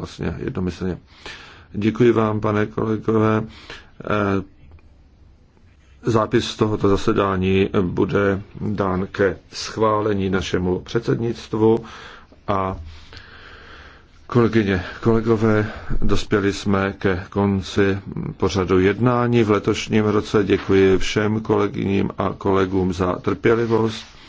vlastně jednomyslně. Děkuji vám, pane kolegové. Eh, zápis z tohoto zasedání bude dán ke schválení našemu předsednictvu a Kolegyně, kolegové, dospěli jsme ke konci pořadu jednání v letošním roce. Děkuji všem kolegyním a kolegům za trpělivost.